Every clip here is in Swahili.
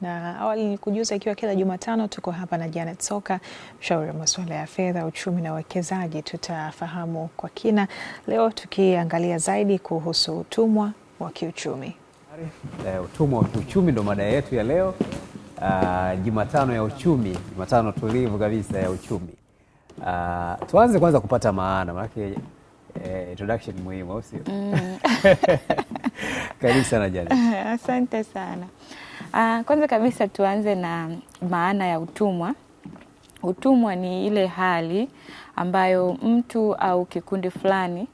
Na awali nikujuza, ikiwa kila Jumatano tuko hapa na Janet Soka, mshauri wa masuala ya fedha, uchumi na uwekezaji. Tutafahamu kwa kina leo tukiangalia zaidi kuhusu utumwa wa kiuchumi. Eh, utumwa wa kiuchumi ndo mada yetu ya leo. Uh, Jumatano ya uchumi, Jumatano tulivu kabisa ya uchumi. Uh, tuanze kwanza kupata maana maanake eh, introduction muhimu au sio? Mm. Karibu sana Janet. Asante sana. Uh, kwanza kabisa tuanze na maana ya utumwa. Utumwa ni ile hali ambayo mtu au kikundi fulani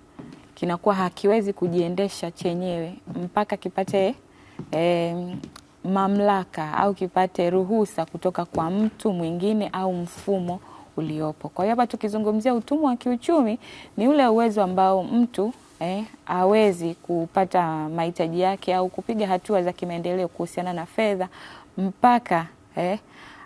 kinakuwa hakiwezi kujiendesha chenyewe mpaka kipate eh, mamlaka au kipate ruhusa kutoka kwa mtu mwingine au mfumo uliopo. Kwa hiyo hapa tukizungumzia utumwa wa kiuchumi ni ule uwezo ambao mtu eh, awezi kupata mahitaji yake au kupiga hatua za kimaendeleo kuhusiana na fedha mpaka eh,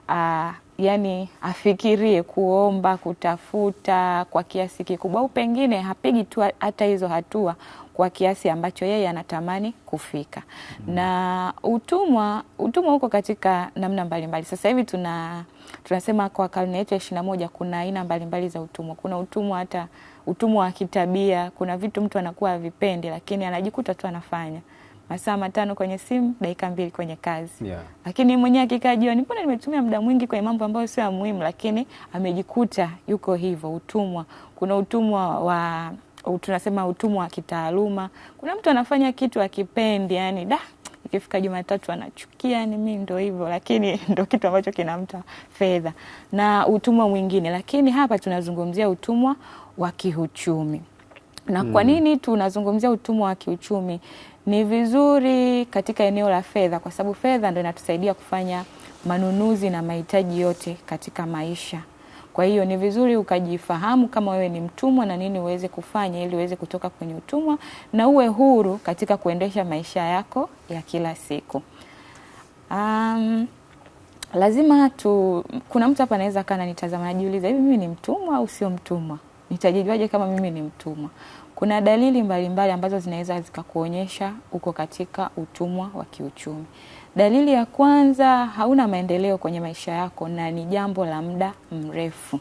a, yani afikirie kuomba, kutafuta kwa kiasi kikubwa, au pengine hapigi tu hata hizo hatua kwa kiasi ambacho yeye anatamani kufika. mm -hmm. Na utumwa utumwa huko katika namna mbalimbali. Sasa hivi tuna tunasema kwa karne yetu ya ishirini na moja kuna aina mbalimbali za utumwa. Kuna utumwa hata utumwa wa kitabia. Kuna vitu mtu anakuwa havipendi, lakini anajikuta tu anafanya masaa matano kwenye simu, dakika mbili kwenye kazi yeah. Lakini mwenyewe akikaa jioni, mbona nimetumia muda mwingi kwenye mambo ambayo sio ya muhimu, lakini amejikuta yuko hivyo. Utumwa, kuna utumwa wa tunasema utumwa wa kitaaluma. Kuna mtu anafanya kitu akipendi, yani da Ikifika Jumatatu anachukia, ni mimi ndo hivyo, lakini ndo kitu ambacho kinamta fedha na utumwa mwingine. Lakini hapa tunazungumzia utumwa wa kiuchumi. Na kwa hmm. nini tunazungumzia utumwa wa kiuchumi? Ni vizuri katika eneo la fedha, kwa sababu fedha ndo inatusaidia kufanya manunuzi na mahitaji yote katika maisha. Kwa hiyo ni vizuri ukajifahamu kama wewe ni mtumwa na nini uweze kufanya ili uweze kutoka kwenye utumwa na uwe huru katika kuendesha maisha yako ya kila siku. Um, lazima tu, kuna mtu hapa anaweza kaa ananitazama najiuliza, hivi mimi ni mtumwa au sio mtumwa? Nitajijuaje kama mimi ni mtumwa? Kuna dalili mbalimbali mbali ambazo zinaweza zikakuonyesha uko katika utumwa wa kiuchumi. Dalili ya kwanza, hauna maendeleo kwenye maisha yako na ni jambo la muda mrefu.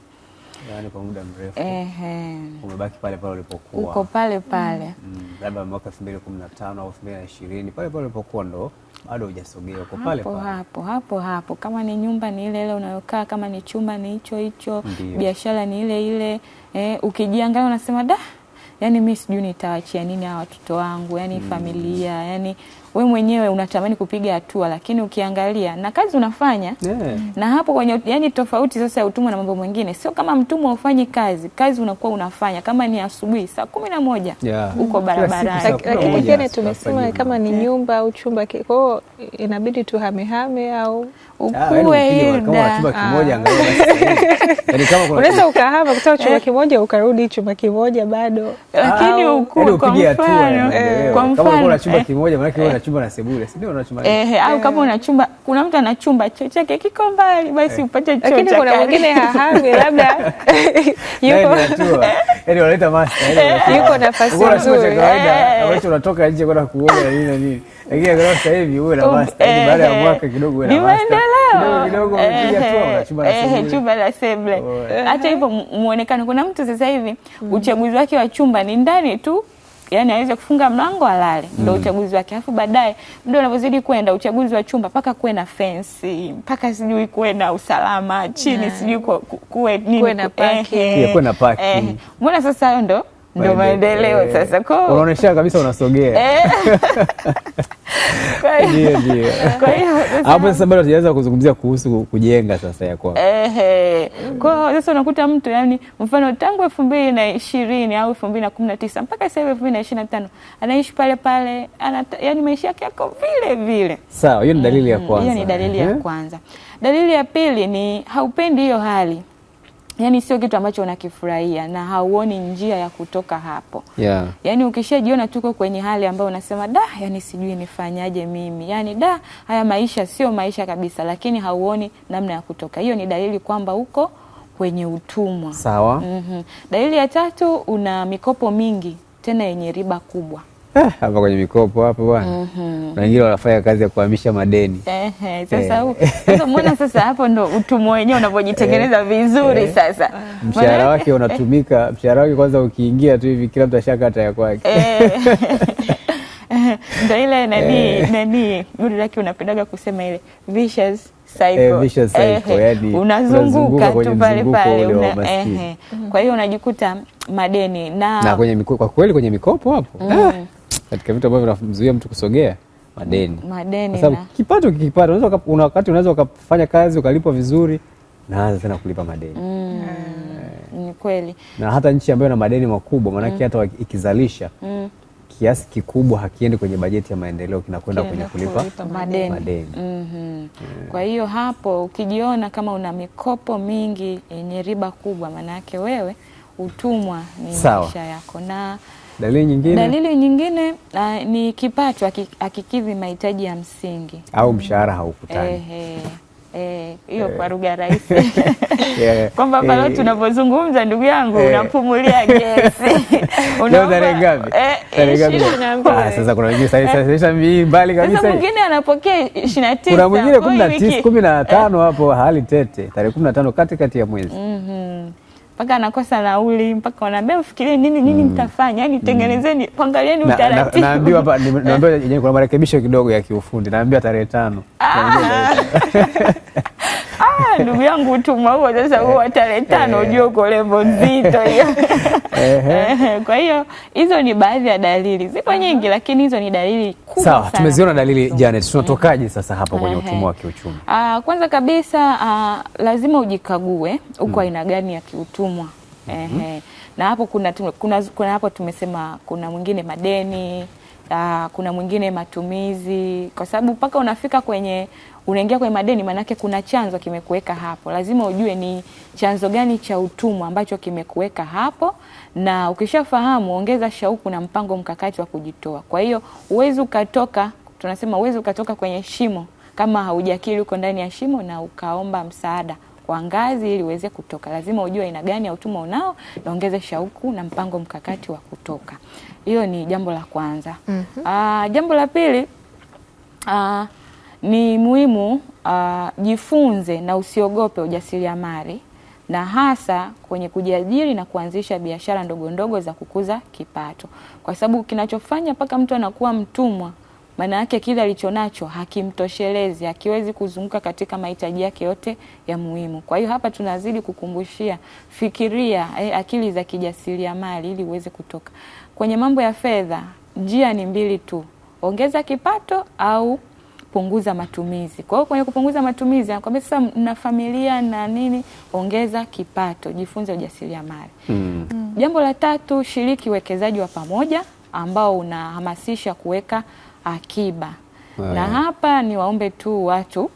Yaani kwa muda mrefu. Ehe. Umebaki pale pale ulipokuwa. Uko pale pale. Mm. Mm. Labda mm. mwaka 2015 au 2020 pale pale ulipokuwa ndo bado hujasogea uko pale pale. Hapo hapo hapo. Kama ni nyumba ni ile ile unayokaa, kama ni chumba ni hicho hicho, biashara ni ile ile. Eh, ukijiangalia unasema da yani mi sijui nitawachia nini hawa watoto wangu, yani mm. familia, yani we mwenyewe unatamani kupiga hatua, lakini ukiangalia na kazi unafanya yeah. na hapo kwenye, yani tofauti sasa ya utumwa na mambo mengine, sio kama mtumwa ufanyi kazi, kazi unakuwa unafanya kama ni asubuhi saa kumi na moja yeah. uko barabarani, tumesema kama ni eh. nyumba au chumba, kwao inabidi tuhamehame au Ah, yaani ah. yaani unaweza ukahama kutoka chumba eh? kimoja ukarudi chumba kimoja bado, ah, lakini yaani eh, eh. au kama una eh. chumba, kuna mtu ana chumba chochote kiko mbali, basi upate chochote, lakini Kuna mwingine hahami, labda yuko nafasi nzuri, unatoka nje kwenda kuoga nini na nini lakini kwa sasa hivi uwe na master yani, baada ya mwaka kidogo uwe na master kidogo kidogo, unapiga tu na chumba la sebule, eh, chumba la sebule. Hata hivyo muonekano, kuna mtu sasa hivi mm. uchaguzi wake wa chumba ni ndani tu yaani aweze kufunga mlango alale, ndio mm. uchaguzi wake. Alafu baadaye muda unavyozidi kwenda, uchaguzi wa chumba mpaka kuwe na fensi, mpaka sijui kuwe na usalama chini, mm. sijui kuwe nini, kuwe na paki, kuwe na paki. Mbona sasa hayo ndo ndio maendeleo eh. sasa. Unaonyesha kabisa unasogea. Eh. Ndio, ndio. Kwa hiyo hapo sasa bado hatujaanza kuzungumzia kuhusu kujenga sasa ya kwa Ehe. Kwa hiyo sasa unakuta mtu yani, mfano tangu elfu mbili na ishirini au elfu mbili na kumi na tisa mpaka sasa hivi elfu mbili na ishirini na tano anaishi pale pale, yani maisha yake yako vile vile. Sawa, hiyo ni dalili ya mm, kwanza. Hiyo ni dalili ya eh? kwanza. Dalili ya pili ni haupendi hiyo hali yani sio kitu ambacho unakifurahia na hauoni njia ya kutoka hapo yeah. Yani ukishajiona tuko kwenye hali ambayo unasema da, yani sijui nifanyaje mimi, yani da, haya maisha sio maisha kabisa, lakini hauoni namna ya kutoka. Hiyo ni dalili kwamba uko kwenye utumwa. Sawa. mm -hmm. Dalili ya tatu, una mikopo mingi tena yenye riba kubwa. hapa kwenye mikopo hapa bwana, na wengine wanafanya kazi ya kuhamisha madeni. Eh. Sasa mbona sasa hapo ndo utumwa wenyewe unavyojitengeneza eh. vizuri. Eh. Sasa mshahara wake unatumika, mshahara wake kwanza ukiingia tu hivi kila mtu ashaka hata ya kwake ndo ile nani nani lake unapendaga kusema ile vicious cycle, vicious cycle, yani unazunguka tu pale pale una, ehe, kwa hiyo unajikuta madeni na, na kwenye mikopo, kwa kweli kwenye mikopo hapo mm katika vitu ambavyo vinamzuia mtu kusogea madeni, madeni sababu kipato kikipata, unaweza una wakati unaweza ukafanya kazi ukalipwa vizuri, naanza tena kulipa madeni mm. Eh. Ni kweli, na hata nchi ambayo ina madeni makubwa maanake mm. hata ikizalisha mm. kiasi kikubwa hakiendi kwenye bajeti ya maendeleo, kinakwenda kwenye kulipa madeni, madeni. Mm -hmm. yeah. Kwa hiyo hapo ukijiona kama una mikopo mingi yenye riba kubwa, maanake wewe utumwa ni maisha yako na Dalili nyingine, dalili nyingine uh, ni kipato akikidhi mahitaji ya msingi au mshahara haukutani. Eh, hiyo kwa eh. lugha rahisi eh, kwamba pale tunapozungumza, ndugu yangu, unapumulia gesi. Ah, sasa kuna wengine sasa mbali kabisa, mwingine anapokea ishirini na tisa, kuna mwingine kumi na tano hapo, hali tete, tarehe kumi na tano katikati ya mwezi. Mhm mpaka anakosa nauli, mpaka wanaambia mfikirie nini nini mm. mtafanya, yani mm. tengenezeni, pangalieni utaratibu. Naambiwa hapa, naambiwa yenyewe kuna marekebisho kidogo ya kiufundi, naambiwa tarehe tano. Ah, ah ndugu yangu utuma huo sasa, huo wa tarehe eh. tano eh. ujue uko levo nzito hiyo. Kwa hiyo hizo ni baadhi ya dalili, zipo nyingi, lakini hizo ni dalili kubwa sana. Sawa, tumeziona dalili Janet, tunatokaje eh. sasa hapa kwenye utumwa wa kiuchumi? Ah, kwanza kabisa ah, lazima ujikague uko mm. aina gani ya kiuchumi kutumwa mm -hmm. na hapo kuna, kuna, kuna hapo tumesema kuna mwingine madeni Uh, kuna mwingine matumizi, kwa sababu mpaka unafika kwenye unaingia kwenye madeni, maanake kuna chanzo kimekuweka hapo. Lazima ujue ni chanzo gani cha utumwa ambacho kimekuweka hapo, na ukishafahamu ongeza shauku na mpango mkakati wa kujitoa. Kwa hiyo uwezi ukatoka, tunasema uwezi ukatoka kwenye shimo kama haujakiri uko ndani ya shimo na ukaomba msaada wa ngazi ili uweze kutoka, lazima ujue aina gani ya utumwa unao na ongeze shauku na mpango mkakati wa kutoka. Hiyo ni jambo la kwanza. mm -hmm. Aa, ah, jambo la pili aa, ah, ni muhimu ah, jifunze na usiogope ujasiriamali na hasa kwenye kujiajiri na kuanzisha biashara ndogo ndogo za kukuza kipato, kwa sababu kinachofanya mpaka mtu anakuwa mtumwa maana yake kile alichonacho hakimtoshelezi, hakiwezi kuzunguka katika mahitaji yake yote ya muhimu. Kwa hiyo hapa tunazidi kukumbushia, fikiria eh, akili za kijasiriamali ili uweze kutoka kwenye mambo ya fedha. Njia ni mbili tu, ongeza kipato au punguza matumizi. Kwa hiyo kwenye kupunguza matumizi anakwambia sasa, na familia na nini, ongeza kipato, jifunze ujasiriamali mm. Jambo la tatu, shiriki uwekezaji wa pamoja ambao unahamasisha kuweka akiba Na hapa ni waombe tu watu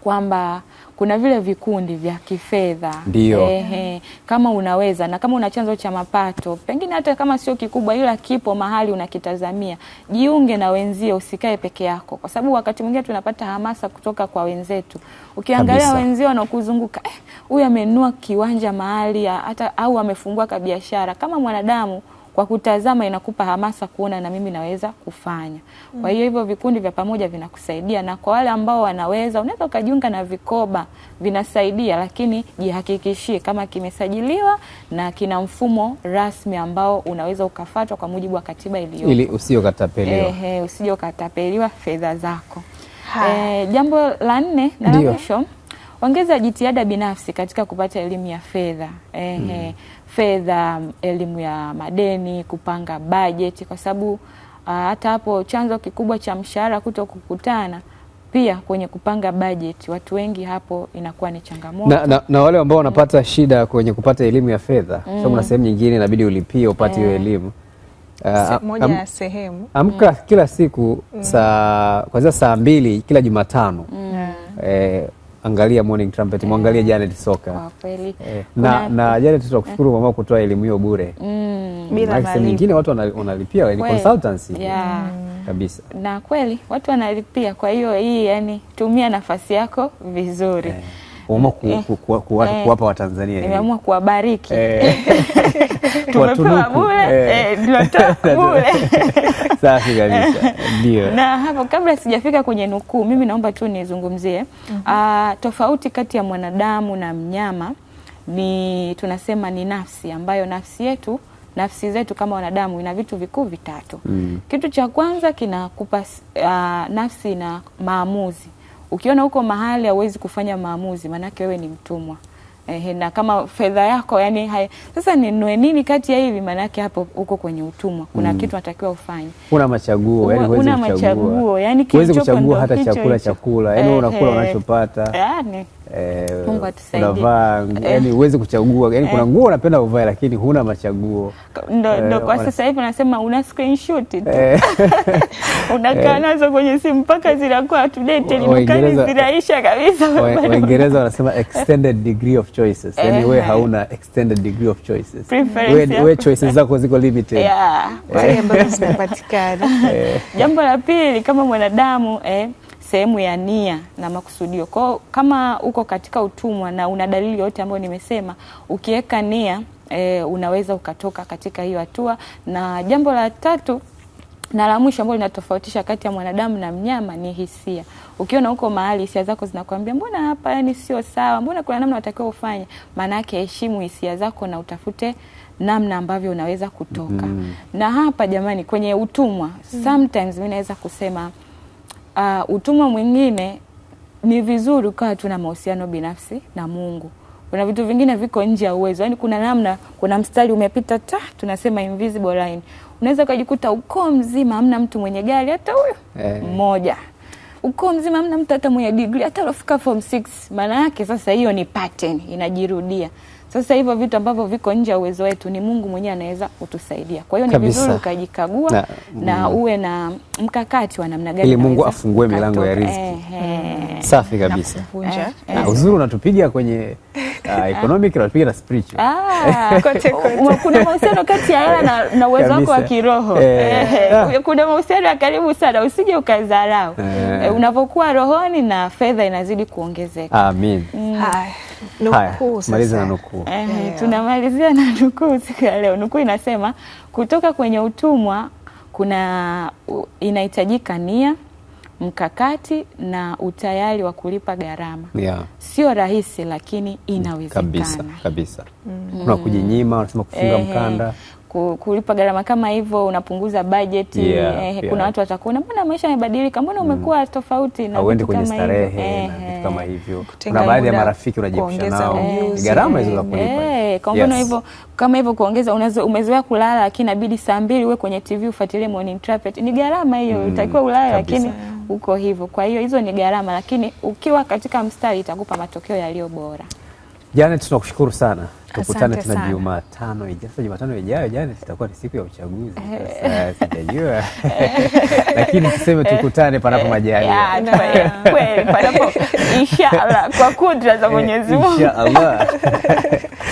kwamba kuna vile vikundi vya kifedha ndio, ehe, kama unaweza na kama una chanzo cha mapato, pengine hata kama sio kikubwa, ila kipo mahali unakitazamia, jiunge na wenzio, usikae peke yako, kwa sababu wakati mwingine tunapata hamasa kutoka kwa wenzetu. Ukiangalia wenzio wanaokuzunguka eh, huyu eh, amenunua kiwanja mahali hata au amefungua kabiashara. Kama mwanadamu kwa kutazama inakupa hamasa kuona na mimi naweza kufanya. Kwa hiyo hivyo vikundi vya pamoja vinakusaidia, na kwa wale ambao wanaweza, unaweza ukajiunga na vikoba, vinasaidia, lakini jihakikishie kama kimesajiliwa na kina mfumo rasmi ambao unaweza ukafatwa kwa mujibu wa katiba iliyo, ili usije ukatapeliwa. Ehe, usije ukatapeliwa fedha zako. E, jambo la nne na la mwisho ongeza jitihada binafsi katika kupata elimu ya fedha mm. fedha, elimu ya madeni, kupanga bajeti, kwa sababu ah, hata hapo chanzo kikubwa cha mshahara kuto kukutana pia kwenye kupanga bajeti, watu wengi hapo inakuwa ni changamoto na, na, na wale ambao hmm. wanapata mm. shida kwenye kupata elimu ya fedha mm. sababu na hmm. sehemu nyingine inabidi ulipie upate hiyo yeah. elimu Uh, moja ya am, sehemu amka mm. kila siku mm. saa kwanzia saa mbili kila Jumatano mm. eh, angalia Morning Trumpet, eh. mwangalie Janet Soka kweli. Eh. na, na Janet eh. kwa mama kutoa elimu hiyo bure mm, bila malipo. Nyingine watu wanalipia ni consultancy yeah. Mm. Kabisa na kweli watu wanalipia, kwa hiyo hii yani tumia nafasi yako vizuri kuamua eh. eh. kuwapa Watanzania, nimeamua kuwabariki, eh. tumepewa bure, tunatoka bure. Safi kabisa, ndio. Na hapo kabla sijafika kwenye nukuu, mimi naomba tu nizungumzie mm -hmm. tofauti kati ya mwanadamu na mnyama ni tunasema ni nafsi ambayo nafsi yetu nafsi zetu kama wanadamu ina vitu vikuu vitatu. mm. Kitu cha kwanza kinakupa uh, nafsi na maamuzi ukiona huko mahali hauwezi kufanya maamuzi, maanake wewe ni mtumwa. Ehe, na kama fedha yako yani hai, sasa ninue nini kati ya hivi? Maanake hapo uko kwenye utumwa, kuna mm. kitu natakiwa ufanye, una machaguo yani huwezi kuchagua, machaguo yani huwezi kuchagua hata chakula chakula, yani unakula unachopata yani Eh, Mungu Unavaa yani eh. uweze kuchagua yani, kuna eh. nguo unapenda uvae, lakini huna machaguo. Ndo, ndo kwa sasa hivi unasema una screenshot tu unakaa nazo kwenye simu mpaka zinakuwa updated, dukani zinaisha kabisa. Waingereza wanasema extended degree of choices, yani wewe hauna extended degree of choices, wewe choices zako ziko limited, ambazo zinapatikana. Jambo la pili kama mwanadamu eh, sehemu ya nia na makusudio. Kwa kama uko katika utumwa na una dalili yote ambayo nimesema, ukiweka nia e, unaweza ukatoka katika hiyo hatua. Na jambo la tatu na la mwisho ambalo linatofautisha kati ya mwanadamu na mnyama ni hisia. Ukiona huko mahali hisia zako zinakwambia mbona hapa, yani sio sawa, mbona kuna namna unatakiwa ufanye, maana yake heshimu hisia zako na utafute namna ambavyo unaweza kutoka. Mm. Na hapa jamani, kwenye utumwa mm, sometimes mi naweza kusema uh, utumwa mwingine ni vizuri ukawa tuna mahusiano binafsi na Mungu. Kuna vitu vingine viko nje ya uwezo, yaani kuna namna, kuna mstari umepita ta, tunasema invisible line. Unaweza ukajikuta ukoo mzima hamna mtu mwenye gari hata huyo hey, eh. mmoja uko mzima, mna mtu hata mwenye digri hata alofika form 6. Maana yake sasa hiyo ni pattern inajirudia. Sasa hivyo vitu ambavyo viko nje ya uwezo wetu ni Mungu mwenyewe anaweza kutusaidia. Kwa hiyo ni vizuri ukajikagua na, na mm. uwe na mkakati wa namna gani ili Mungu afungue milango ya riziki. Safi kabisa. Eh. Uzuri unatupiga kwenye Uh, economic na spiritual. Ah, kote kote. Oh, kuna mahusiano kati ya hela na, na uwezo wako wa kiroho eh. eh ah. Kuna mahusiano ya karibu sana, usije ukadharau eh. eh. Unapokuwa rohoni na fedha inazidi kuongezeka. Amin. Mm. na nukuu eh, yeah. Tunamalizia na nukuu siku ya leo. Nukuu inasema kutoka kwenye utumwa kuna inahitajika nia mkakati na utayari wa kulipa gharama yeah. Sio rahisi lakini inawezekana kabisa, kabisa. Mm. Kuna kujinyima wanasema kufunga eh, mkanda kulipa gharama kama hivyo unapunguza bajeti yeah, eh, yeah. Kuna watu watakuona mbona maisha yamebadilika, mbona mm. umekuwa mm. tofauti na uende kwenye starehe na vitu kama hivyo. Kuna baadhi ya marafiki unajiepusha nao gharama hizo za kulipa eh, kwa mfano hivyo kama hivyo kuongeza, umezoea kulala lakini inabidi saa mbili uwe kwenye TV ufuatilie Morning Trumpet, ni gharama hiyo, mm, utakiwa ulale lakini huko hivyo. Kwa hiyo hizo ni gharama, lakini ukiwa katika mstari itakupa matokeo yaliyo bora. Janet, tunakushukuru sana, tukutane tena Jumatano ijayo. Jumatano ijayo Janet, itakuwa ni siku ya uchaguzi eh. sijajua, lakini tuseme tukutane panapo eh. majaliwa kweli, panapo inshallah, kwa kudra za eh, Mwenyezi Mungu inshallah.